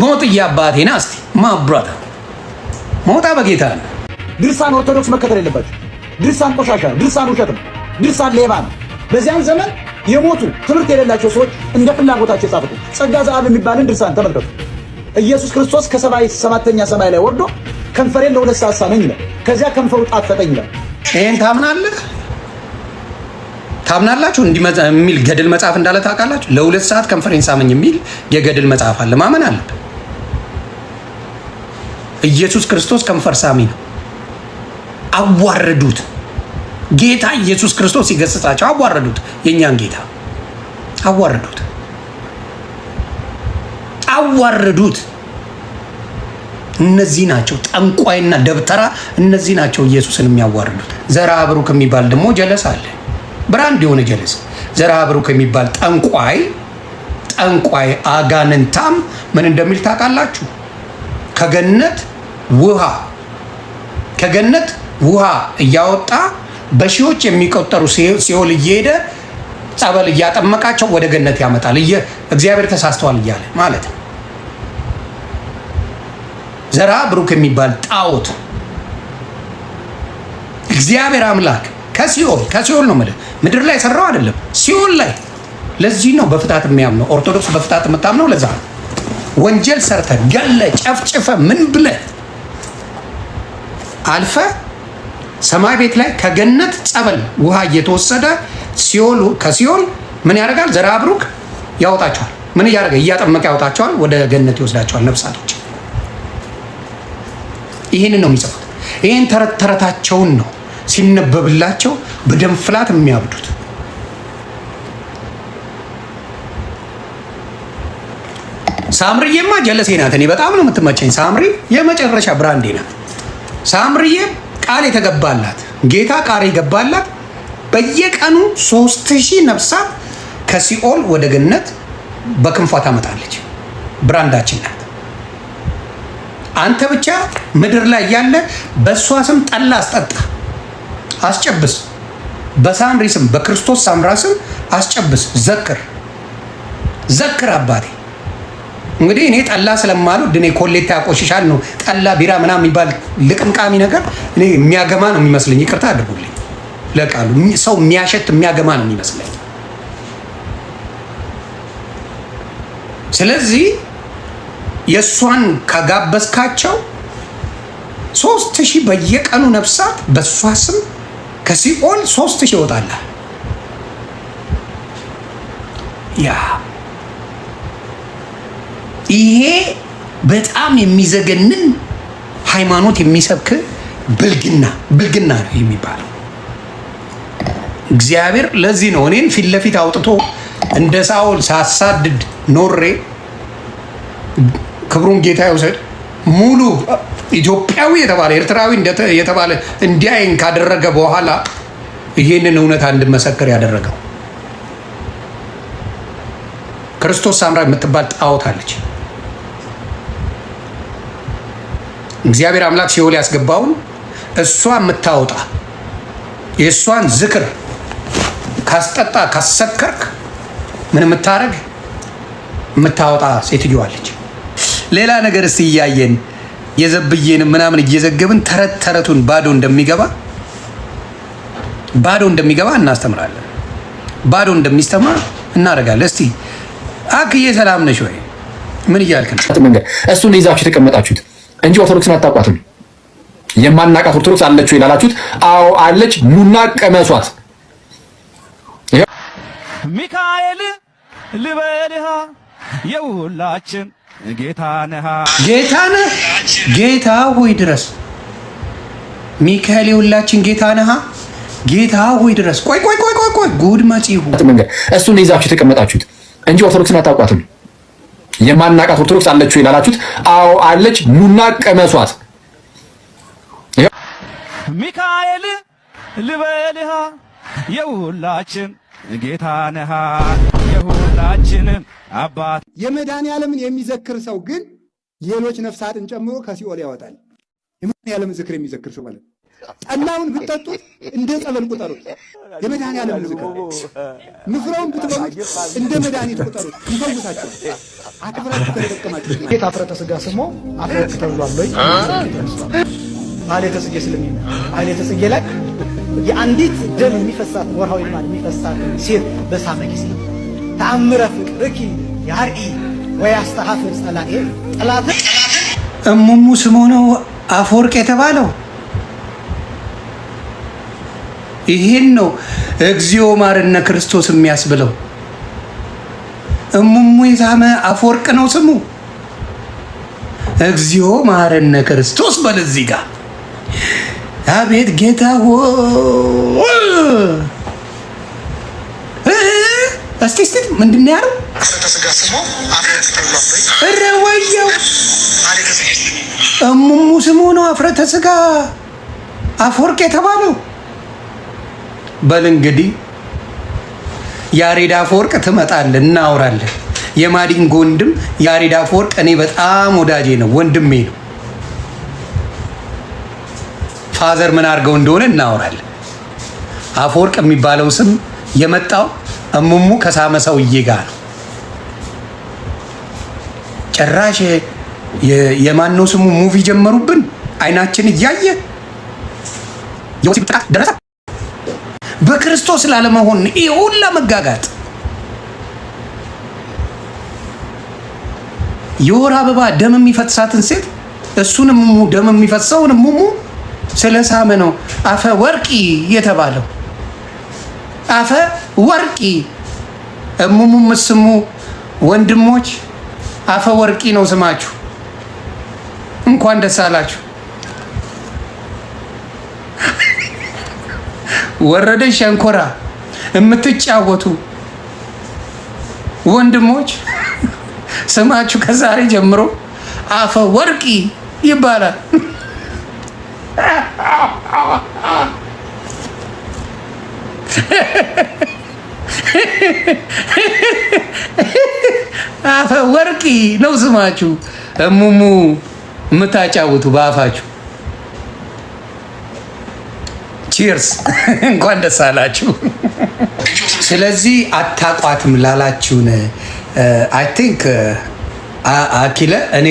ሞት እያባቴ ና እስቲ ማብራት ሞታ በጌታ ድርሳን ኦርቶዶክስ መከተል የለባቸው። ድርሳን ቆሻሻ ነው። ድርሳን ውሸት ነው። ድርሳን ሌባ ነው። በዚያን ዘመን የሞቱ ትምህርት የሌላቸው ሰዎች እንደ ፍላጎታቸው የጻፉት ጸጋ ዘአብ የሚባልን ድርሳን ተመልከቱ። ኢየሱስ ክርስቶስ ከሰማይ ሰባተኛ ሰማይ ላይ ወርዶ ከንፈሬን ለሁለት ሰዓት ሳመኝ ይላል። ከዚያ ከንፈሩ ጣፈጠኝ ይላል። ይህን ታምናለህ? ታምናላችሁ? እንዲህ የሚል ገድል መጽሐፍ እንዳለ ታውቃላችሁ? ለሁለት ሰዓት ከንፈሬን ሳመኝ የሚል የገድል መጽሐፍ አለ። ማመን አለብን። ኢየሱስ ክርስቶስ ከንፈር ሳሚ ነው። አዋረዱት። ጌታ ኢየሱስ ክርስቶስ ሲገስጻቸው አዋረዱት። የእኛን ጌታ አዋረዱት፣ አዋረዱት። እነዚህ ናቸው ጠንቋይና ደብተራ፣ እነዚህ ናቸው ኢየሱስን የሚያዋርዱት። ዘራ ብሩክ የሚባል ደግሞ ጀለስ አለ፣ ብራንድ የሆነ ጀለስ። ዘራ ብሩክ የሚባል ጠንቋይ ጠንቋይ አጋንንታም ምን እንደሚል ታውቃላችሁ? ከገነት ውሃ ከገነት ውሃ እያወጣ በሺዎች የሚቆጠሩ ሲኦል እየሄደ ጸበል እያጠመቃቸው ወደ ገነት ያመጣል። እግዚአብሔር ተሳስተዋል እያለ ማለት ነው። ዘራ ብሩክ የሚባል ጣዖት እግዚአብሔር አምላክ ከሲኦል ከሲኦል ነው ምድር ላይ ሰራው አይደለም፣ ሲኦል ላይ። ለዚህ ነው በፍታት የሚያምነው ኦርቶዶክስ በፍታት የምታምነው ለዛ ነው። ወንጀል ሰርተ ገለ ጨፍጭፈ ምን ብለ አልፈ ሰማይ ቤት ላይ ከገነት ጸበል ውሃ እየተወሰደ ሲኦል ከሲኦል ምን ያደርጋል? ዘራ ብሩክ ያወጣቸዋል። ምን እያደረገ እያጠመቀ ያወጣቸዋል፣ ወደ ገነት ይወስዳቸዋል ነፍሳቶች። ይህንን ነው የሚጽፉት። ይህን ተረት ተረታቸውን ነው ሲነበብላቸው በደም ፍላት የሚያብዱት። ሳምሪዬማ ጀለሴ ናት። እኔ በጣም ነው የምትመቸኝ ሳምሪ፣ የመጨረሻ ብራንዴ ናት። ሳምርዬ ቃል የተገባላት ጌታ ቃል የገባላት በየቀኑ ሶስት ሺህ ነፍሳት ከሲኦል ወደ ገነት በክንፏ ታመጣለች። ብራንዳችን ናት። አንተ ብቻ ምድር ላይ ያለ በእሷ ስም ጠላ አስጠጣ፣ አስጨብስ። በሳምሪ ስም፣ በክርስቶስ ሳምራ ስም አስጨብስ። ዘክር ዘክር አባቴ እንግዲህ እኔ ጠላ ስለማሉ ድኔ ኮሌት ያቆሽሻል ነው ጠላ ቢራ ምናምን የሚባል ልቅምቃሚ ነገር እኔ የሚያገማ ነው የሚመስለኝ። ይቅርታ አድርጉልኝ ለቃሉ ሰው የሚያሸት የሚያገማ ነው የሚመስለኝ። ስለዚህ የእሷን ከጋበዝካቸው ሶስት ሺህ በየቀኑ ነፍሳት በእሷ ስም ከሲኦል ሶስት ሺህ ይወጣላል ያ ይሄ በጣም የሚዘገንን ሃይማኖት የሚሰብክ ብልግና ብልግና ነው የሚባለው። እግዚአብሔር ለዚህ ነው እኔን ፊት ለፊት አውጥቶ እንደ ሳውል ሳሳድድ ኖሬ ክብሩን ጌታ ይውሰድ። ሙሉ ኢትዮጵያዊ የተባለ ኤርትራዊ የተባለ እንዲያይን ካደረገ በኋላ ይህንን እውነት እንድመሰክር ያደረገው ክርስቶስ ሳምራ የምትባል ጣዖት አለች። እግዚአብሔር አምላክ ሲኦል ያስገባውን እሷ የምታወጣ የእሷን ዝክር ካስጠጣ ካሰከርክ ምን የምታረግ የምታወጣ ሴትዮዋለች። ሌላ ነገር እስ እያየን የዘብዬን ምናምን እየዘገብን ተረት ተረቱን ባዶ እንደሚገባ ባዶ እንደሚገባ እናስተምራለን። ባዶ እንደሚስተማ እናደርጋለን። እስቲ አክዬ ሰላም ነሽ ወይ? ምን እያልክ ነው? እሱን ይዛችሁ የተቀመጣችሁት እንጂ ኦርቶዶክስን አታውቋትም። የማናቃት ኦርቶዶክስ አለች ወይ ላላችሁት፣ አዎ አለች። ኑና ቀመሷት። ሚካኤል ልበልሃ የሁላችን ጌታ ነሃ ጌታ ነህ፣ ጌታ ሆይ ድረስ። ሚካኤል የሁላችን ጌታ ነሃ ጌታ ሆይ ድረስ። ቆይ ቆይ ቆይ ቆይ፣ ጉድ መጽሁ መንገድ እሱን ይዛችሁ የተቀመጣችሁት እንጂ ኦርቶዶክስን አታውቋትም። የማናቃት ኦርቶዶክስ አለችው ይላላችሁት? አዎ አለች። ኑና ቀመሷት። ሚካኤል ልበልሃ የሁላችን ጌታ ነሃ የሁላችን አባት። የመድኃኔ ዓለምን የሚዘክር ሰው ግን ሌሎች ነፍሳትን ጨምሮ ከሲኦል ያወጣል። የመድኃኔ ዓለምን ዝክር የሚዘክር ሰው ማለት ነው። ጠላውን ብትጠጡት እንደ ጸበል ቁጠሩት፣ የመድኃኒዓለም ዝክር። ንፍረውን ብትበሉት እንደ መድኃኒት ቁጠሩት፣ ይፈውሳቸው። አክብራችሁ ከተጠቀማችሁ ቤት አፍረተ ስጋ ስሞ አፍረት ተብሏል ወይ? ማህሌተ ጽጌ ስለሚ ማህሌተ ተስጌ ላይ የአንዲት ደም የሚፈሳት ወርሃዊ ማን የሚፈሳት ሴት በሳመ ጊዜ ተአምረ ፍቅርኪ ያርኢ ወያስተሐፍር ጸላኤ ጠላትን እሙሙ ስሙ ነው አፈወርቅ የተባለው ይሄን ነው እግዚኦ ማርነ ክርስቶስ የሚያስብለው። እሙሙ የታመ አፈወርቅ ነው ስሙ። እግዚኦ ማርነ ክርስቶስ በል እዚህ ጋር አቤት ጌታ ሆ እስቲ እስቲ ምንድን ነው ያለው? ኧረ ወየው እሙሙ ስሙ ነው አፍረተ ስጋ አፈወርቅ የተባለው በል እንግዲህ ያሬድ አፈወርቅ ትመጣለህ፣ እናወራለን። የማዲንጎ ወንድም ያሬድ አፈወርቅ እኔ በጣም ወዳጄ ነው፣ ወንድሜ ነው። ፋዘር ምን አድርገው እንደሆነ እናወራለን። አፈወርቅ የሚባለው ስም የመጣው እሙሙ ከሳመ ሰውዬ ጋር ነው። ጭራሽ የማነው ስሙ ሙቪ ጀመሩብን፣ አይናችን እያየ ደረሰ። በክርስቶስ ላለመሆን ይህ ሁላ መጋጋጥ የወር አበባ ደም የሚፈትሳትን ሴት እሱንም ሙ ደም የሚፈትሰውንም ሙሙ ስለ ሳመ ነው አፈ ወርቂ የተባለው። አፈ ወርቂ እሙሙ ምስሙ ወንድሞች፣ አፈ ወርቂ ነው ስማችሁ። እንኳን ደስ አላችሁ። ወረደን ሸንኮራ የምትጫወቱ ወንድሞች ስማችሁ ከዛሬ ጀምሮ አፈ ወርቂ ይባላል። አፈ ወርቂ ነው ስማችሁ። እሙሙ የምታጫውቱ በአፋችሁ ቺርስ እንኳን ደስ አላችሁ። ስለዚህ አታቋትም ላላችሁን አይ uh, ቲንክ uh, uh, አኪለ እኔ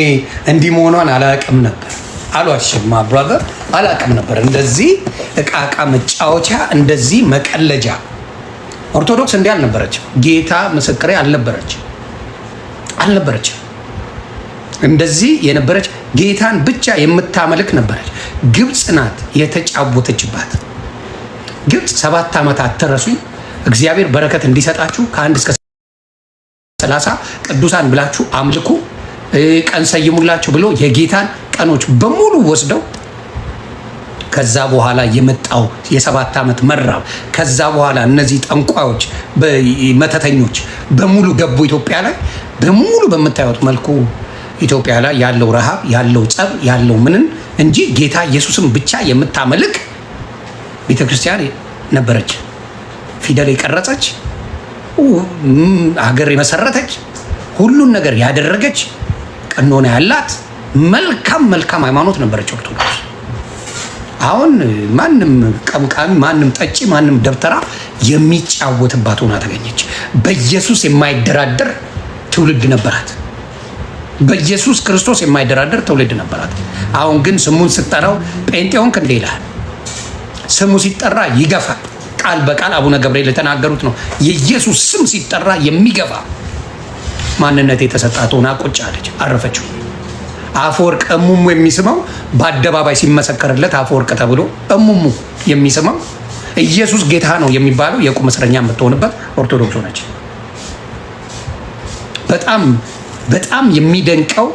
እንዲህ መሆኗን አላቅም ነበር። አሏሽማ ብራዘር አላቅም ነበር። እንደዚህ እቃቃ መጫወቻ፣ እንደዚህ መቀለጃ ኦርቶዶክስ እንዲህ አልነበረችም። ጌታ ምስክሬ አልነበረችም አልነበረችም። እንደዚህ የነበረች ጌታን ብቻ የምታመልክ ነበረች። ግብፅ ናት የተጫወተችባት። ግብፅ ሰባት ዓመት አትረሱኝ። እግዚአብሔር በረከት እንዲሰጣችሁ ከአንድ እስከ ሰላሳ ቅዱሳን ብላችሁ አምልኩ፣ ቀን ሰይሙላችሁ ብሎ የጌታን ቀኖች በሙሉ ወስደው ከዛ በኋላ የመጣው የሰባት ዓመት መራብ፣ ከዛ በኋላ እነዚህ ጠንቋዮች መተተኞች በሙሉ ገቡ ኢትዮጵያ ላይ በሙሉ በምታዩት መልኩ ኢትዮጵያ ላይ ያለው ረሃብ ያለው ጸብ ያለው ምንን እንጂ ጌታ ኢየሱስን ብቻ የምታመልክ ቤተ ክርስቲያን ነበረች፣ ፊደል የቀረጸች፣ ሀገር የመሰረተች፣ ሁሉን ነገር ያደረገች፣ ቀኖና ያላት መልካም መልካም ሃይማኖት ነበረች ኦርቶዶክስ። አሁን ማንም ቀምቃሚ፣ ማንም ጠጪ፣ ማንም ደብተራ የሚጫወትባት ሆና ተገኘች። በኢየሱስ የማይደራደር ትውልድ ነበራት። በኢየሱስ ክርስቶስ የማይደራደር ትውልድ ነበራት። አሁን ግን ስሙን ስጠራው ጴንጤ ሆንክ እንዴ ይልሃል። ስሙ ሲጠራ ይገፋል። ቃል በቃል አቡነ ገብርኤል የተናገሩት ነው። የኢየሱስ ስም ሲጠራ የሚገፋ ማንነት የተሰጣት ሆና ቁጭ አለች፣ አረፈችው። አፈወርቅ እሙሙ የሚስመው በአደባባይ ሲመሰከርለት አፈወርቅ ተብሎ እሙሙ የሚስመው ኢየሱስ ጌታ ነው የሚባለው የቁም እስረኛ የምትሆንበት ኦርቶዶክስ ሆነች። በጣም በጣም የሚደንቀው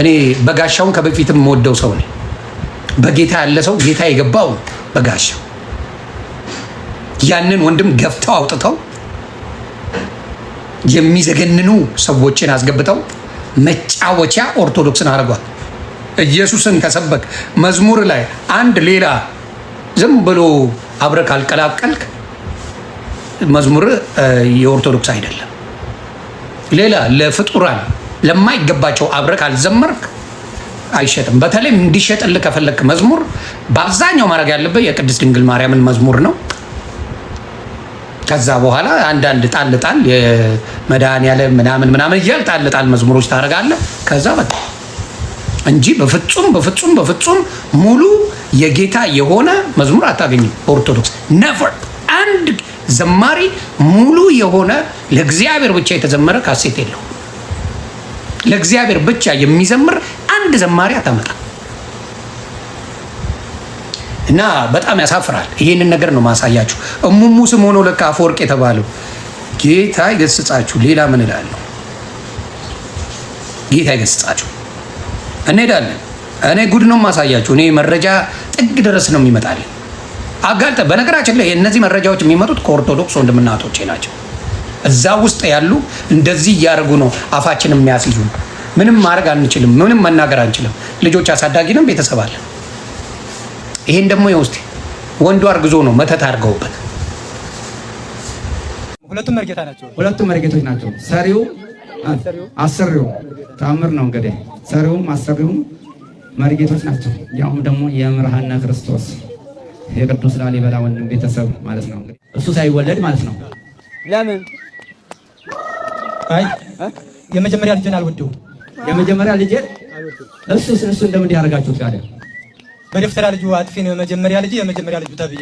እኔ በጋሻውን ከበፊትም የምወደው ሰው ነኝ። በጌታ ያለ ሰው ጌታ የገባው በጋሻው ያንን ወንድም ገፍተው አውጥተው የሚዘገንኑ ሰዎችን አስገብተው መጫወቻ ኦርቶዶክስን አድርጓል። ኢየሱስን ከሰበክ መዝሙር ላይ አንድ ሌላ ዝም ብሎ አብረ ካልቀላቀልክ መዝሙር የኦርቶዶክስ አይደለም። ሌላ ለፍጡራን ለማይገባቸው አብረ ካልዘመርክ አይሸጥም። በተለይ እንዲሸጥልህ ከፈለክ መዝሙር በአብዛኛው ማድረግ ያለበት የቅድስት ድንግል ማርያምን መዝሙር ነው። ከዛ በኋላ አንዳንድ ጣል ጣል ያለ ምናምን ምናምን እያል ጣል ጣል መዝሙሮች ታደርጋለህ። ከዛ በቃ እንጂ በፍጹም በፍጹም በፍጹም ሙሉ የጌታ የሆነ መዝሙር አታገኝም። ኦርቶዶክስ ነቨር አንድ ዘማሪ ሙሉ የሆነ ለእግዚአብሔር ብቻ የተዘመረ ካሴት የለው። ለእግዚአብሔር ብቻ የሚዘምር አንድ ዘማሪ አታመጣም። እና በጣም ያሳፍራል። ይሄንን ነገር ነው ማሳያችሁ። እሙሙ ስም ሆኖ ለካ አፈወርቅ የተባለው ጌታ ይገስጻችሁ። ሌላ ምን እላለሁ? ጌታ ይገስጻችሁ። እንሄዳለን። እኔ ጉድ ነው ማሳያችሁ። እኔ መረጃ ጥግ ድረስ ነው የሚመጣልን አጋልጠ በነገራችን ላይ እነዚህ መረጃዎች የሚመጡት ከኦርቶዶክስ ወንድምና እህቶቼ ናቸው። እዛ ውስጥ ያሉ እንደዚህ እያደረጉ ነው አፋችን የሚያስይዙ ምንም ማድረግ አንችልም። ምንም መናገር አንችልም። ልጆች አሳዳጊ ነው፣ ቤተሰብ አለ። ይሄን ደግሞ የውስጥ ወንዱ አርግዞ ነው መተት አድርገውበት፣ ሁለቱም መርጌታ ናቸው። ሁለቱም መርጌቶች ናቸው። ሰሪው አሰሪው ተአምር ነው እንግዲህ፣ ሰሪውም አሰሪውም መርጌቶች ናቸው። ያውም ደግሞ የምርሃነ ክርስቶስ የቅዱስ ላሊበላ ወንድም ቤተሰብ ማለት ነው እንግዲህ እሱ ሳይወለድ ማለት ነው። ለምን አይ የመጀመሪያ ልጅን አልወደውም የመጀመሪያ ልጅ እሱ እሱ እንደምን ያደርጋችሁት ታዲያ? በደፍተራ ልጁ አጥፊ ነው። የመጀመሪያ ልጅ የመጀመሪያ ልጁ ተብዬ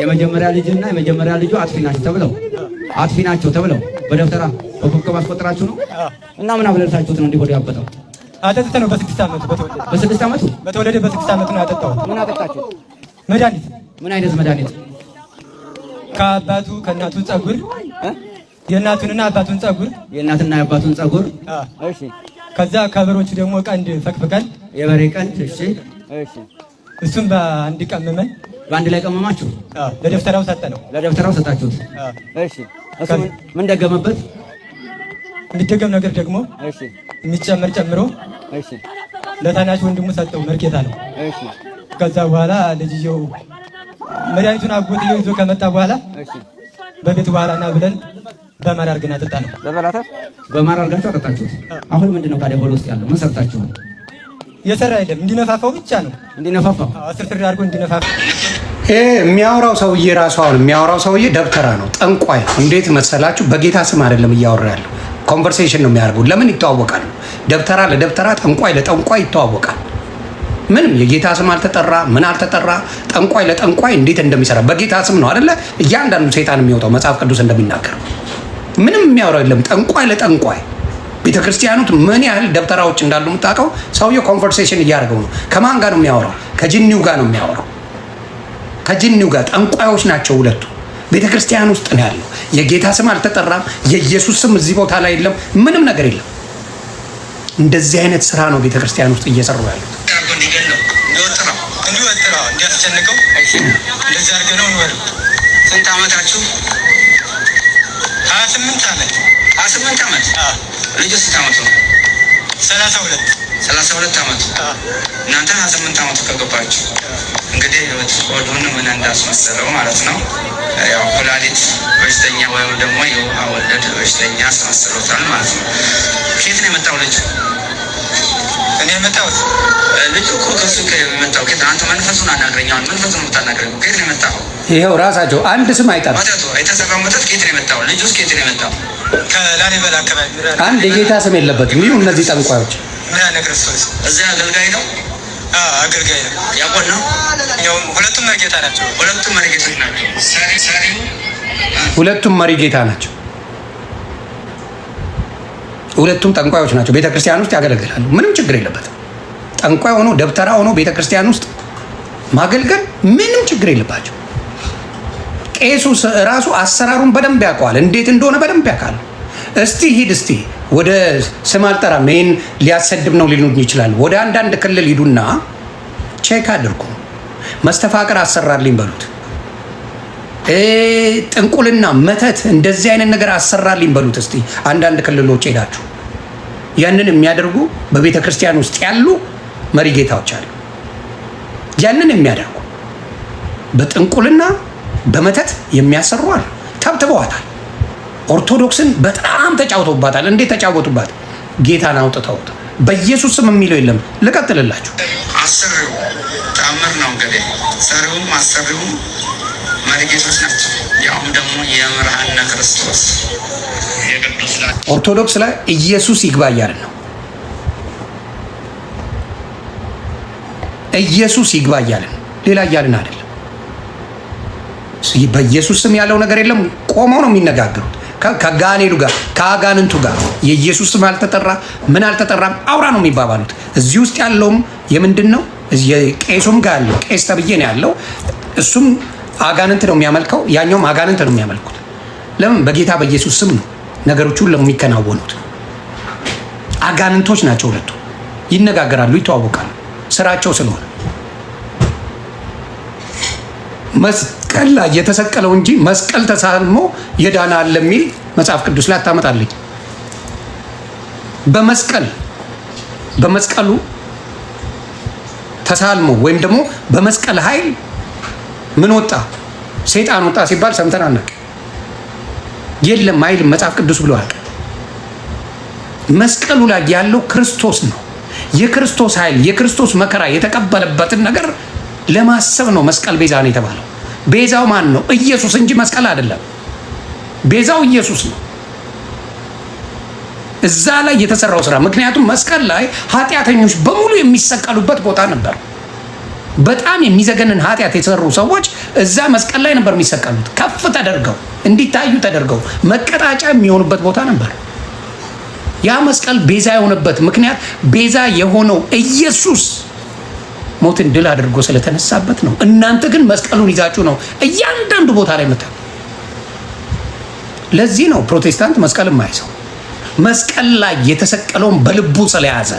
የመጀመሪያ ልጅና የመጀመሪያ ልጁ አጥፊ ናቸው ተብለው አጥፊ ናቸው ተብለው በደፍተራ በኮከብ አስቆጥራችሁ ነው እና ምን አብለታችሁት ነው? እንዲህ ወዲያ ያበጣው አጠጥተ ነው። በስድስት ዓመቱ በተወለደ በስድስት አመቱ በተወለደ በስድስት ዓመቱ ነው ያጠጣው። ምን አጠጣችሁ? መድኃኒት። ምን አይነት መድኃኒት? ከአባቱ ከእናቱ ጸጉር የእናቱንና አባቱን ጸጉር የእናትና የአባቱን ጸጉር እሺ ከዛ ከበሮቹ ደግሞ ቀንድ ፈቅፍቀን የበሬ ቀንድ እሺ፣ እሱም በአንድ ቀምመን በአንድ ላይ ቀመማችሁ። ለደብተራው ሰጠነው፣ ለደብተራው ሰጣችሁት። እሺ፣ እሱ ምን ደገመበት? የሚደገም ነገር ደግሞ እሺ፣ የሚጨመር ጨምሮ እሺ፣ ለታናሽ ወንድሙ ሰጠው። መርኬታ ነው። እሺ፣ ከዛ በኋላ ልጅየው መድኃኒቱን አጎትየው ይዞ ከመጣ በኋላ እሺ፣ በቤት በኋላ ና ብለን በማር አድርገን አጠጣነው። በበላታት በማር አድርጋችሁ አጠጣችሁት። አሁን ምንድን ነው ታዲያ በል ውስጥ ያለው ምን ሰርታችኋል? የሰራ የለም እንዲነፋፋው ብቻ ነው እንዲነፋፋው አስር ፍሬ አድርጎ እንዲነፋፋ ይሄ የሚያወራው ሰውዬ ራሱ አሁን የሚያወራው ሰውዬ ደብተራ ነው፣ ጠንቋይ። እንዴት መሰላችሁ? በጌታ ስም አይደለም እያወራ ያለው ኮንቨርሴሽን ነው የሚያደርጉት። ለምን ይተዋወቃሉ? ደብተራ ለደብተራ ጠንቋይ ለጠንቋይ ይተዋወቃል። ምንም የጌታ ስም አልተጠራ ምን አልተጠራ፣ ጠንቋይ ለጠንቋይ እንዴት እንደሚሰራ በጌታ ስም ነው አይደለ? እያንዳንዱ ሰይጣን የሚወጣው መጽሐፍ ቅዱስ እንደሚናገር ምንም የሚያወራው የለም። ጠንቋይ ለጠንቋይ ቤተክርስቲያኑት ምን ያህል ደብተራዎች እንዳሉ የምታውቀው ሰውየው ኮንቨርሴሽን እያደረገው ነው። ከማን ጋር ነው የሚያወራው? ከጅኒው ጋር ነው የሚያወራው። ከጅኒው ጋር ጠንቋዮች ናቸው ሁለቱ። ቤተ ክርስቲያን ውስጥ ነው ያለው። የጌታ ስም አልተጠራም። የኢየሱስ ስም እዚህ ቦታ ላይ የለም። ምንም ነገር የለም። እንደዚህ አይነት ስራ ነው ቤተ ክርስቲያን ውስጥ እየሰሩ ያሉት። ስንት ዓመታችሁ ሀያ ስምንት ዓመት ሀያ ስምንት ዓመት ልጁ ስንት ዓመቱ ነው? ሰላሳ ሁለት ሰላሳ ሁለት ዓመቱ እናንተ ሀያ ስምንት ዓመቱ ከገባችሁ እንግዲህ ወዱን ምን እንዳስመሰለው ማለት ነው። ያው ኩላሊት በሽተኛ ወይም ደግሞ የውሃ ወለድ በሽተኛ አስመስሎታል ማለት ነው። ከየት ነው የመጣው ልጁ? እኔ የመጣሁት ልጁ እኮ ከሱ የመጣው አንተ መንፈሱን አናግረኛውን መንፈሱን የምታናግረኝ ከየት ነው የመጣው? ይኸው ራሳቸው አንድ ስም አይጠራም። አንድ የጌታ ስም የለበትም። ይሁ እነዚህ ጠንቋዮች እዚህ አገልጋይ ነው አገልጋይ ነው ያቆን ነው። ያው ሁለቱም መሪ ጌታ ናቸው። ሁለቱም መሪ ጌታ ናቸው። ሁለቱም ጠንቋዮች ናቸው። ቤተ ክርስቲያን ውስጥ ያገለግላሉ። ምንም ችግር የለበትም። ጠንቋይ ሆኖ ደብተራ ሆኖ ቤተ ክርስቲያን ውስጥ ማገልገል ምንም ችግር የለባቸው። ቄሱ ራሱ አሰራሩን በደንብ ያውቀዋል፣ እንዴት እንደሆነ በደንብ ያውቃል። እስቲ ሂድ እስቲ ወደ ስም አልጠራም፣ ይህን ሊያሰድብ ነው ሊሉኝ ይችላል። ወደ አንዳንድ ክልል ሂዱና ቼክ አድርጉ። መስተፋቅር አሰራልኝ በሉት፣ ጥንቁልና፣ መተት፣ እንደዚህ አይነት ነገር አሰራልኝ በሉት። እስቲ አንዳንድ ክልሎች ሄዳችሁ ያንን የሚያደርጉ በቤተ ክርስቲያን ውስጥ ያሉ መሪጌታዎች አሉ። ያንን የሚያደርጉ በጥንቁልና በመተት የሚያሰሯል። ተብትበዋታል። ኦርቶዶክስን በጣም ተጫውቶባታል። እንዴት ተጫወቱባት? ጌታን አውጥተውት በኢየሱስ ስም የሚለው የለም። ልቀጥልላችሁ። አሰሪው ጣምር ነው እንግዲህ ሰሪውም አሰሪውም መሪጌቶች ናቸው። ያውም ደግሞ የመርሃነ ክርስቶስ ኦርቶዶክስ ላይ ኢየሱስ ይግባ እያልን ነው። ኢየሱስ ይግባ እያልን ሌላ እያልን አይደለም። በኢየሱስ ስም ያለው ነገር የለም። ቆመው ነው የሚነጋገሩት ከጋኔሉ ጋር ከአጋንንቱ ጋር የኢየሱስ ስም አልተጠራ ምን አልተጠራም፣ አውራ ነው የሚባባሉት። እዚህ ውስጥ ያለውም የምንድን ነው? ቄሱም ጋር ያለው ቄስ ተብዬ ነው ያለው። እሱም አጋንንት ነው የሚያመልከው፣ ያኛውም አጋንንት ነው የሚያመልኩት። ለምን? በጌታ በኢየሱስ ስም ነው ነገሮች ሁሉ የሚከናወኑት። አጋንንቶች ናቸው ሁለቱ። ይነጋገራሉ፣ ይተዋወቃሉ፣ ስራቸው ስለሆነ መስቀል ላይ የተሰቀለው እንጂ መስቀል ተሳልሞ የዳነ አለ የሚል መጽሐፍ ቅዱስ ላይ አታመጣለኝ። በመስቀል በመስቀሉ ተሳልሞ ወይም ደግሞ በመስቀል ኃይል ምን ወጣ? ሰይጣን ወጣ ሲባል ሰምተን አናውቅ። የለም አይልም መጽሐፍ ቅዱስ ብሎ መስቀሉ ላይ ያለው ክርስቶስ ነው። የክርስቶስ ኃይል የክርስቶስ መከራ የተቀበለበትን ነገር ለማሰብ ነው መስቀል ቤዛ ነው የተባለው። ቤዛው ማን ነው? ኢየሱስ እንጂ መስቀል አይደለም። ቤዛው ኢየሱስ ነው። እዛ ላይ የተሰራው ስራ ምክንያቱም መስቀል ላይ ኃጢአተኞች በሙሉ የሚሰቀሉበት ቦታ ነበር። በጣም የሚዘገንን ኃጢአት የሰሩ ሰዎች እዛ መስቀል ላይ ነበር የሚሰቀሉት። ከፍ ተደርገው እንዲታዩ ተደርገው መቀጣጫ የሚሆኑበት ቦታ ነበር። ያ መስቀል ቤዛ የሆነበት ምክንያት ቤዛ የሆነው ኢየሱስ ሞትን ድል አድርጎ ስለተነሳበት ነው። እናንተ ግን መስቀሉን ይዛችሁ ነው እያንዳንዱ ቦታ ላይ ምታ። ለዚህ ነው ፕሮቴስታንት መስቀል የማይዘው መስቀል ላይ የተሰቀለውን በልቡ ስለያዘ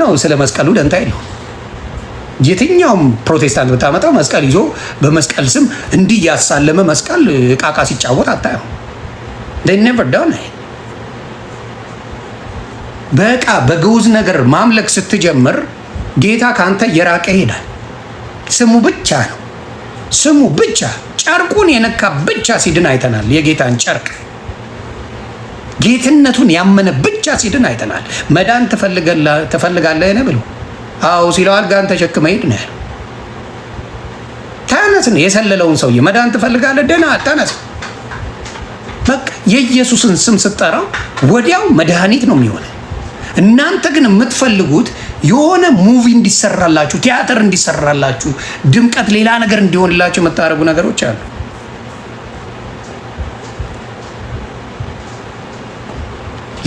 ነው። ስለ መስቀሉ ደንታ የለው። የትኛውም ፕሮቴስታንት ብታመጣው መስቀል ይዞ በመስቀል ስም እንዲህ ያሳለመ መስቀል እቃቃ ሲጫወት አታየው። ኔቨር በቃ በግዑዝ ነገር ማምለክ ስትጀምር ጌታ ከአንተ የራቀ ይሄዳል። ስሙ ብቻ ነው። ስሙ ብቻ ጨርቁን የነካ ብቻ ሲድን አይተናል። የጌታን ጨርቅ ጌትነቱን ያመነ ብቻ ሲድን አይተናል። መዳን ትፈልጋለህ ነ ብሎ አዎ ሲለው አልጋን ተሸክመ ሂድ ነው ያለው። ተነስ ነው የሰለለውን ሰውዬ መዳን ትፈልጋለህ? ደህና ተነስ። በቃ የኢየሱስን ስም ስጠራው ወዲያው መድኃኒት ነው የሚሆነ። እናንተ ግን የምትፈልጉት የሆነ ሙቪ እንዲሰራላችሁ፣ ቲያትር እንዲሰራላችሁ፣ ድምቀት፣ ሌላ ነገር እንዲሆንላችሁ የምታደርጉ ነገሮች አሉ።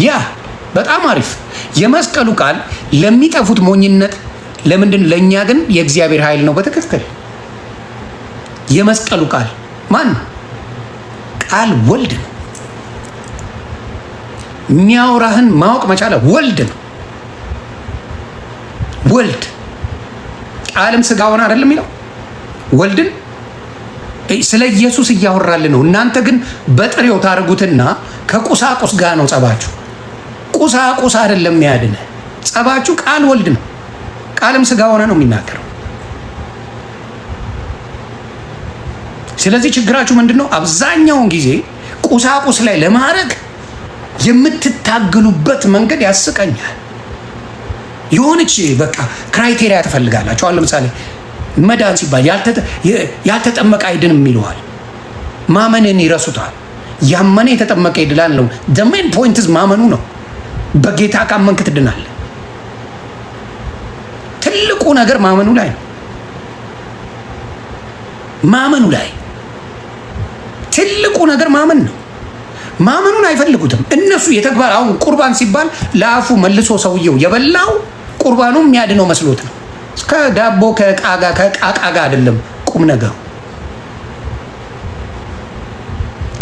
ያ በጣም አሪፍ የመስቀሉ ቃል ለሚጠፉት ሞኝነት ለምንድን ለእኛ ግን የእግዚአብሔር ኃይል ነው። በትክክል የመስቀሉ ቃል ማን ቃል ወልድ ነው። የሚያወራህን ማወቅ መቻለ ወልድ ነው። ወልድ ቃልም ስጋ ሆነ አይደለም የሚለው ወልድን ስለ ኢየሱስ እያወራልን ነው። እናንተ ግን በጥሬው ታደርጉትና ከቁሳቁስ ጋር ነው ጸባችሁ። ቁሳቁስ አይደለም ያድነ ጸባችሁ ቃል ወልድ ነው። ቃልም ስጋ ሆነ ነው የሚናገረው። ስለዚህ ችግራችሁ ምንድን ነው? አብዛኛውን ጊዜ ቁሳቁስ ላይ ለማድረግ የምትታገሉበት መንገድ ያስቀኛል። የሆነች በቃ ክራይቴሪያ ትፈልጋላችሁ። አሁን ለምሳሌ መዳን ሲባል ያልተጠመቀ አይድንም ይለዋል። ማመንን ይረሱታል። ያመነ የተጠመቀ ይድላል ነው። ደሜን ፖይንትስ ማመኑ ነው። በጌታ ካመንክ ትድናለህ። ትልቁ ነገር ማመኑ ላይ ነው። ማመኑ ላይ ትልቁ ነገር ማመን ነው። ማመኑን አይፈልጉትም እነሱ የተግባር አሁን ቁርባን ሲባል ለአፉ መልሶ ሰውየው የበላው ቁርባኑ የሚያድነው መስሎት ነው። ከዳቦ ከቃጋ ከቃቃ ጋር አይደለም ቁም ነገሩ።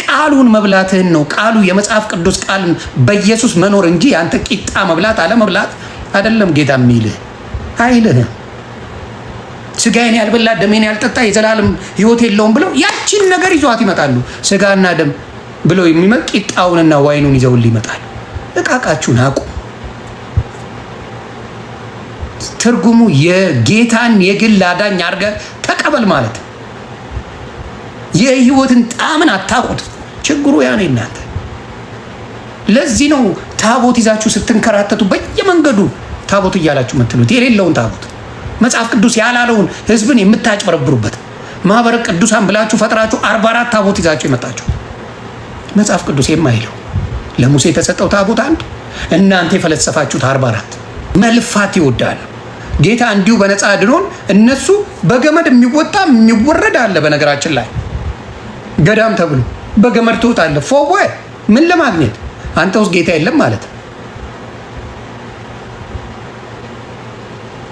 ቃሉን መብላትህን ነው። ቃሉ የመጽሐፍ ቅዱስ ቃልን በኢየሱስ መኖር እንጂ ያንተ ቂጣ መብላት አለ መብላት አይደለም ጌታ የሚልህ አይልህም። ስጋዬን ያልበላ ደሜን ያልጠጣ የዘላለም ሕይወት የለውም ብለው ያቺን ነገር ይዟት ይመጣሉ። ስጋና ደም ብለው የሚመጥ ቂጣውንና ዋይኑን ይዘውል ይመጣል። እቃቃችሁን አቁም። ትርጉሙ የጌታን የግል አዳኝ አድርገህ ተቀበል ማለት የህይወትን ጣምን አታውቁት። ችግሩ ያኔ እናንተ ለዚህ ነው ታቦት ይዛችሁ ስትንከራተቱ በየመንገዱ ታቦት እያላችሁ የምትሉት የሌለውን ታቦት መጽሐፍ ቅዱስ ያላለውን ህዝብን የምታጭበረብሩበት ማህበረ ቅዱሳን ብላችሁ ፈጥራችሁ አርባ አራት ታቦት ይዛችሁ የመጣችሁ መጽሐፍ ቅዱስ የማይለው ለሙሴ የተሰጠው ታቦት አንድ እናንተ የፈለሰፋችሁት አርባ አራት መልፋት ይወዳል። ጌታ እንዲሁ በነፃ አድኖን እነሱ በገመድ የሚወጣ የሚወረድ አለ። በነገራችን ላይ ገዳም ተብሎ በገመድ ትወጣለህ። ፎቦ ምን ለማግኘት አንተ ውስጥ ጌታ የለም ማለት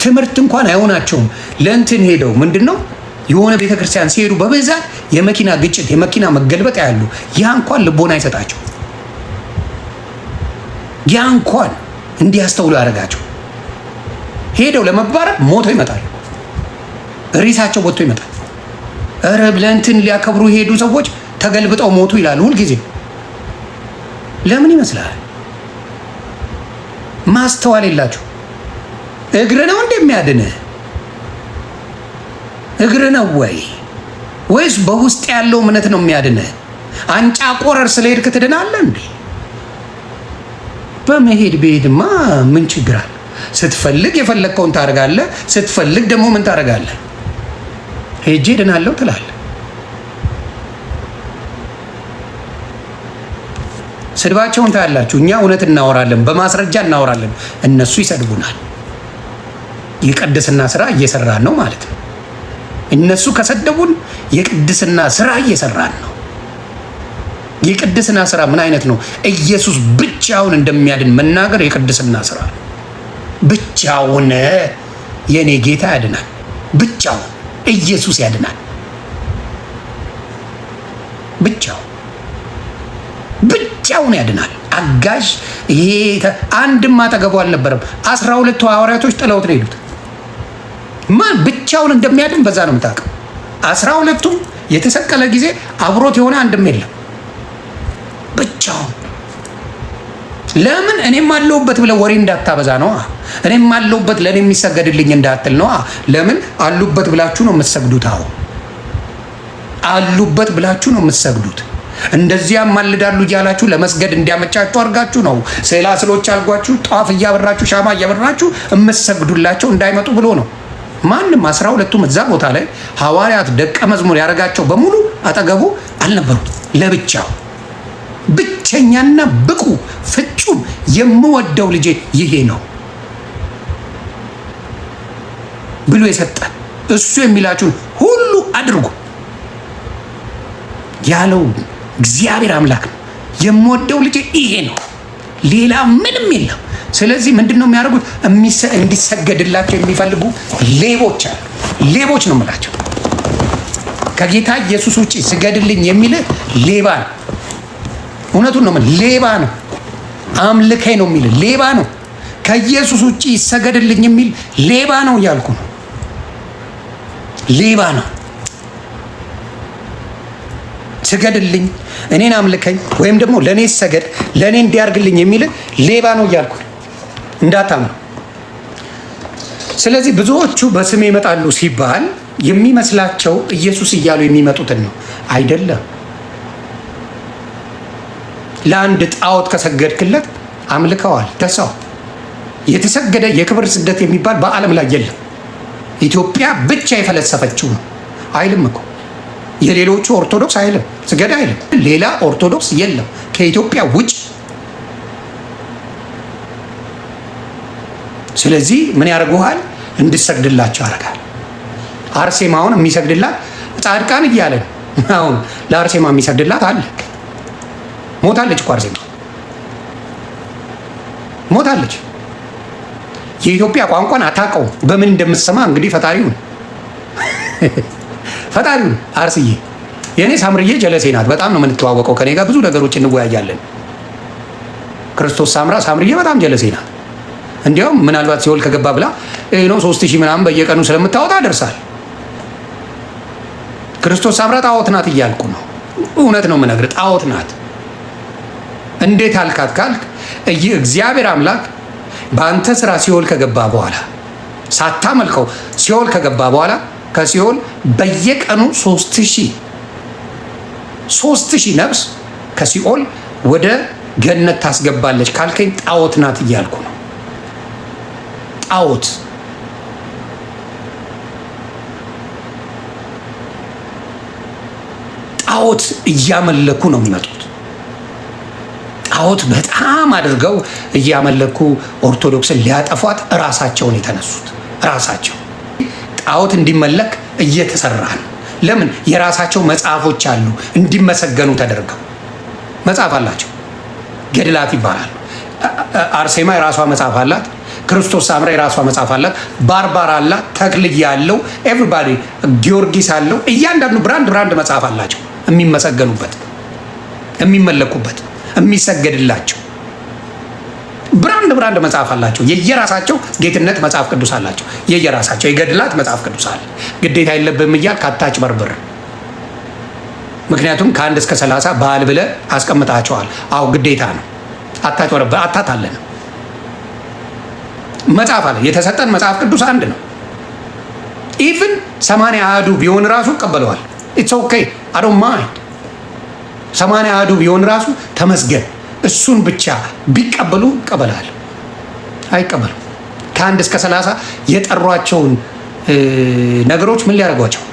ትምህርት እንኳን አይሆናቸውም። ለእንትን ሄደው ምንድን ነው የሆነ ቤተክርስቲያን ሲሄዱ በብዛት የመኪና ግጭት፣ የመኪና መገልበጥ ያሉ ያ እንኳን ልቦና አይሰጣቸው ያ እንኳን እንዲያስተውሉ ያደርጋቸው ሄደው ለመባረር ሞቶ ይመጣል። ሪሳቸው ወጥቶ ይመጣል። እረ ብለንትን ሊያከብሩ የሄዱ ሰዎች ተገልብጠው ሞቱ ይላሉ ሁልጊዜ። ለምን ይመስላል? ማስተዋል የላችሁ። እግር ነው እንደሚያድንህ እግር ነው ወይ ወይስ በውስጥ ያለው እምነት ነው የሚያድንህ? አንጫ ቆረር ስለሄድክ ትድናለህ እንዴ? በመሄድ ብሄድማ ምን ችግር አለ? ስትፈልግ የፈለግከውን ታደርጋለህ። ስትፈልግ ደግሞ ምን ታደርጋለህ? ሄጄ ድናለሁ ትላለህ። ስድባቸውን ታያላችሁ። እኛ እውነት እናወራለን፣ በማስረጃ እናወራለን። እነሱ ይሰድቡናል። የቅድስና ስራ እየሰራን ነው ማለት ነው። እነሱ ከሰደቡን የቅድስና ስራ እየሰራን ነው። የቅድስና ስራ ምን አይነት ነው? ኢየሱስ ብቻውን እንደሚያድን መናገር የቅድስና ስራ ነው። ብቻውን የእኔ ጌታ ያድናል። ብቻውን ኢየሱስ ያድናል። ብቻውን ብቻውን ያድናል። አጋዥ ይሄ አንድም አጠገቡ አልነበረም። አስራ ሁለቱ ሐዋርያቶች ጥለውት ነው ሄዱት። ማን ብቻውን እንደሚያድን በዛ ነው የምታውቀው። አስራ ሁለቱም የተሰቀለ ጊዜ አብሮት የሆነ አንድም የለም ብቻውን ለምን እኔም አለሁበት ብለህ ወሬ እንዳታበዛ ነው። እኔም አለሁበት ለእኔ የሚሰገድልኝ እንዳትል ነው። ለምን አሉበት ብላችሁ ነው የምትሰግዱት? አዎ አሉበት ብላችሁ ነው የምትሰግዱት። እንደዚያ ማልዳሉ እያላችሁ ለመስገድ እንዲያመቻችሁ አድርጋችሁ ነው ስዕላ ስሎች አልጓችሁ ጧፍ እያበራችሁ ሻማ እያበራችሁ የምትሰግዱላቸው እንዳይመጡ ብሎ ነው። ማንም አስራ ሁለቱም እዛ ቦታ ላይ ሐዋርያት ደቀ መዝሙር ያደረጋቸው በሙሉ አጠገቡ አልነበሩም። ለብቻው ብቸኛና ብቁ ፍጹም የምወደው ልጄ ይሄ ነው ብሎ የሰጠ እሱ የሚላችሁን ሁሉ አድርጉ ያለው እግዚአብሔር አምላክ ነው። የምወደው ልጄ ይሄ ነው፣ ሌላ ምንም የለም። ስለዚህ ምንድን ነው የሚያደርጉት? እንዲሰገድላቸው የሚፈልጉ ሌቦች አሉ። ሌቦች ነው የምላቸው። ከጌታ ኢየሱስ ውጭ ስገድልኝ የሚልህ ሌባ ነው። እውነቱን ነው። ሌባ ነው። አምልከኝ ነው የሚል ሌባ ነው። ከኢየሱስ ውጭ ይሰገድልኝ የሚል ሌባ ነው እያልኩ ነው። ሌባ ነው። ስገድልኝ፣ እኔን አምልከኝ፣ ወይም ደግሞ ለእኔ ሰገድ፣ ለእኔ እንዲያርግልኝ የሚል ሌባ ነው እያልኩ ነው። እንዳታምኑ። ስለዚህ ብዙዎቹ በስሜ ይመጣሉ ሲባል የሚመስላቸው ኢየሱስ እያሉ የሚመጡትን ነው። አይደለም። ለአንድ ጣዖት ከሰገድክለት አምልከዋል ተሰው የተሰገደ የክብር ስደት የሚባል በዓለም ላይ የለም። ኢትዮጵያ ብቻ የፈለሰፈችው ነው አይልም እኮ የሌሎቹ ኦርቶዶክስ አይልም፣ ስገድ አይልም። ሌላ ኦርቶዶክስ የለም ከኢትዮጵያ ውጭ። ስለዚህ ምን ያደርጉሃል? እንድሰግድላቸው ያደርጋል። አርሴማውን የሚሰግድላት ጻድቃን እያለን አሁን ለአርሴማ የሚሰግድላት አለ። ሞታለች እኮ አርሴማ ሞታለች። የኢትዮጵያ ቋንቋን አታቀው በምን እንደምትሰማ እንግዲህ ፈጣሪውን ፈጣሪውን አርስዬ የእኔ ሳምርዬ ጀለሴ ናት። በጣም ነው የምንተዋወቀው። ከኔ ጋር ብዙ ነገሮች እንወያያለን። ክርስቶስ ሳምራ ሳምርዬ በጣም ጀለሴ ናት። እንዲያውም ምናልባት ሲወል ከገባ ብላ ነው ሶስት ሺህ ምናምን በየቀኑ ስለምታወጣ ደርሳል። ክርስቶስ ሳምራ ጣዖት ናት እያልኩ ነው። እውነት ነው የምነግርህ፣ ጣዖት ናት። እንዴት አልካት ካልክ እግዚአብሔር አምላክ በአንተ ስራ ሲኦል ከገባ በኋላ ሳታመልከው ሲኦል ከገባ በኋላ ከሲኦል በየቀኑ ሶስት ሺህ ሶስት ሺህ ነፍስ ከሲኦል ወደ ገነት ታስገባለች ካልከኝ ጣዖት ናት እያልኩ ነው። ጣዖት ጣዖት እያመለኩ ነው የሚመጡ ጣዖት በጣም አድርገው እያመለኩ ኦርቶዶክስን ሊያጠፏት እራሳቸውን የተነሱት ራሳቸው ጣዖት እንዲመለክ እየተሰራ ነው። ለምን? የራሳቸው መጽሐፎች አሉ እንዲመሰገኑ ተደርገው መጽሐፍ አላቸው። ገድላት ይባላል። አርሴማ የራሷ መጽሐፍ አላት። ክርስቶስ ሳምራ የራሷ መጽሐፍ አላት። ባርባራ አላት። ተክልያ አለው። ኤቭሪባዲ ጊዮርጊስ አለው። እያንዳንዱ ብራንድ ብራንድ መጽሐፍ አላቸው የሚመሰገኑበት የሚመለኩበት የሚሰገድላቸው ብራንድ ብራንድ መጽሐፍ አላቸው። የየራሳቸው ጌትነት መጽሐፍ ቅዱስ አላቸው። የየራሳቸው የገድላት መጽሐፍ ቅዱስ አለ። ግዴታ የለብህም እያል ካታች በርብር ምክንያቱም ከአንድ እስከ ሰላሳ ባል ብለ አስቀምጣቸዋል። አዎ ግዴታ ነው። አታች በርብር አታት አለን መጽሐፍ አለ። የተሰጠን መጽሐፍ ቅዱስ አንድ ነው። ኢቭን ሰማንያ አህዱ ቢሆን ራሱ እቀበለዋል። ኢትስ ኦኬ አይ ዶንት ማይንድ ሰማንያ አዱ ቢሆን ራሱ ተመስገን። እሱን ብቻ ቢቀበሉ ቀበላል አይቀበሉ ከአንድ እስከ ሰላሳ የጠሯቸውን ነገሮች ምን ሊያደርጓቸው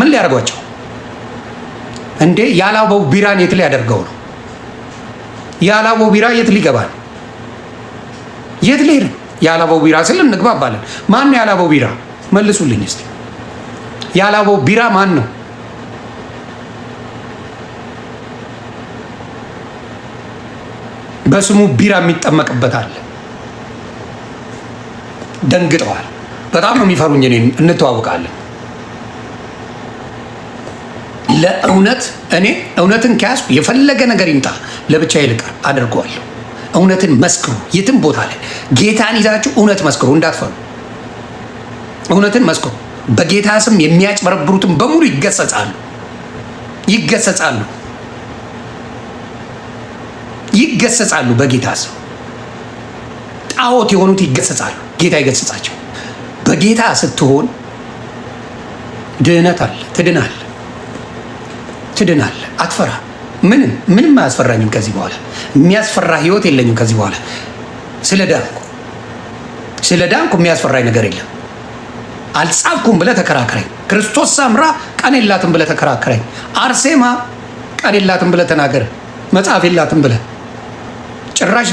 ምን ሊያደርጓቸው እንዴ? የአላባው ቢራን የት ሊያደርገው ነው? የአላባው ቢራ የት ሊገባል? የት ሊሄድ ነው? የአላባው ቢራ ስል እንግባባለን። ማን ነው የአላባው ቢራ? መልሱልኝ እስቲ። የአላባው ቢራ ማን ነው? በስሙ ቢራ አለ። ደንግጠዋል። በጣም ነው የሚፈሩኝ። እኔ እንተዋውቃለን። ለእውነት እኔ እውነትን ከያዝኩ የፈለገ ነገር ይምጣ ለብቻ ይልቀር አደርገዋለሁ። እውነትን መስክሩ፣ የትም ቦታ ላይ ጌታን ይዛችሁ እውነት መስክሩ፣ እንዳትፈሩ። እውነትን መስክሩ። በጌታ ስም የሚያጭበረብሩትን በሙሉ ይገሰጻሉ፣ ይገሰጻሉ። ይገሰጻሉ። በጌታ ስም ጣዖት የሆኑት ይገሰጻሉ። ጌታ ይገሰጻቸው። በጌታ ስትሆን ድህነት አለ። ትድናል፣ ትድናል። አትፈራ። ምንም ምንም አያስፈራኝም ከዚህ በኋላ የሚያስፈራ ህይወት የለኝም ከዚህ በኋላ ስለ ዳንኩ ስለ ዳንኩ የሚያስፈራኝ ነገር የለም። አልጻፍኩም ብለ ተከራከረኝ። ክርስቶስ ሳምራ ቀን የላትም ብለ ተከራከረኝ። አርሴማ ቀን የላትም ብለ ተናገር። መጽሐፍ የላትም ብለህ ጭራሽ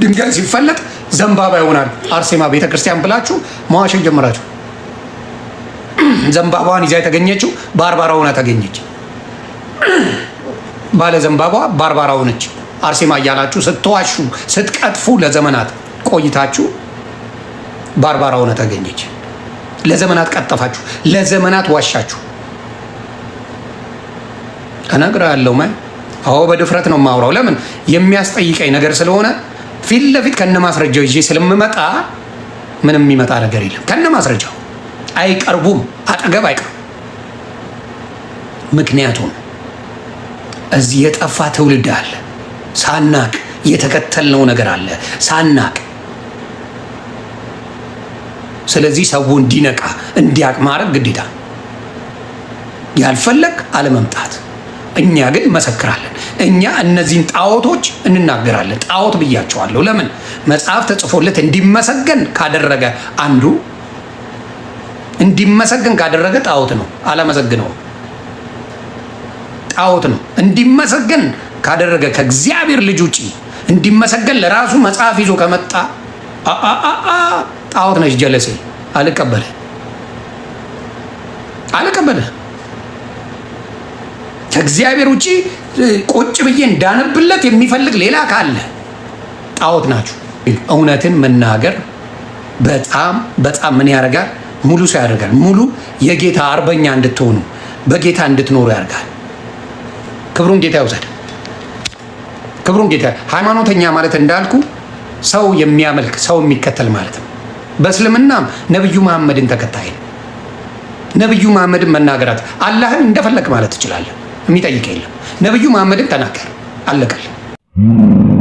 ድንጋይ ሲፈለጥ ዘንባባ ይሆናል። አርሴማ ቤተክርስቲያን ብላችሁ መዋሸን ጀመራችሁ። ዘንባባዋን ይዛ የተገኘችው ባርባራ ሆና ተገኘች። ባለ ዘንባባ ባርባራ ሆነች። አርሴማ እያላችሁ ስትዋሹ ስትቀጥፉ ለዘመናት ቆይታችሁ ባርባራ ሆነ ተገኘች። ለዘመናት ቀጠፋችሁ፣ ለዘመናት ዋሻችሁ። እነግርሃለሁ ማይ አዎ በድፍረት ነው የማውራው። ለምን የሚያስጠይቀኝ ነገር ስለሆነ ፊት ለፊት ከነ ማስረጃው ይዤ ስለምመጣ ምንም የሚመጣ ነገር የለም። ከነ ማስረጃው አይቀርቡም፣ አጠገብ አይቀርቡም። ምክንያቱም እዚህ የጠፋ ትውልድ አለ፣ ሳናቅ የተከተልነው ነገር አለ ሳናቅ። ስለዚህ ሰው እንዲነቃ እንዲያቅ ማድረግ ግዴታ፣ ያልፈለግ አለመምጣት እኛ ግን መሰክራለን። እኛ እነዚህን ጣዖቶች እንናገራለን። ጣዖት ብያቸዋለሁ። ለምን መጽሐፍ ተጽፎለት እንዲመሰገን ካደረገ አንዱ እንዲመሰገን ካደረገ ጣዖት ነው። አላመሰግነውም። ጣዖት ነው። እንዲመሰገን ካደረገ ከእግዚአብሔር ልጅ ውጪ እንዲመሰገን ለራሱ መጽሐፍ ይዞ ከመጣ ጣዖት ነች። ጀለሴ አልቀበለ አልቀበለ ከእግዚአብሔር ውጭ ቁጭ ብዬ እንዳነብለት የሚፈልግ ሌላ ካለ ጣዖት ናችሁ። እውነትን መናገር በጣም በጣም ምን ያደርጋል? ሙሉ ሰው ያደርጋል። ሙሉ የጌታ አርበኛ እንድትሆኑ በጌታ እንድትኖሩ ያደርጋል። ክብሩን ጌታ ይውሰድ። ክብሩን ጌታ ሃይማኖተኛ ማለት እንዳልኩ ሰው የሚያመልክ ሰው የሚከተል ማለት ነው። በእስልምናም ነቢዩ መሐመድን ተከታይ ነቢዩ መሐመድን መናገራት አላህን እንደፈለግ ማለት ትችላለህ። የሚጠይቅ የለም። ነቢዩ መሐመድን ተናገር አለቀል።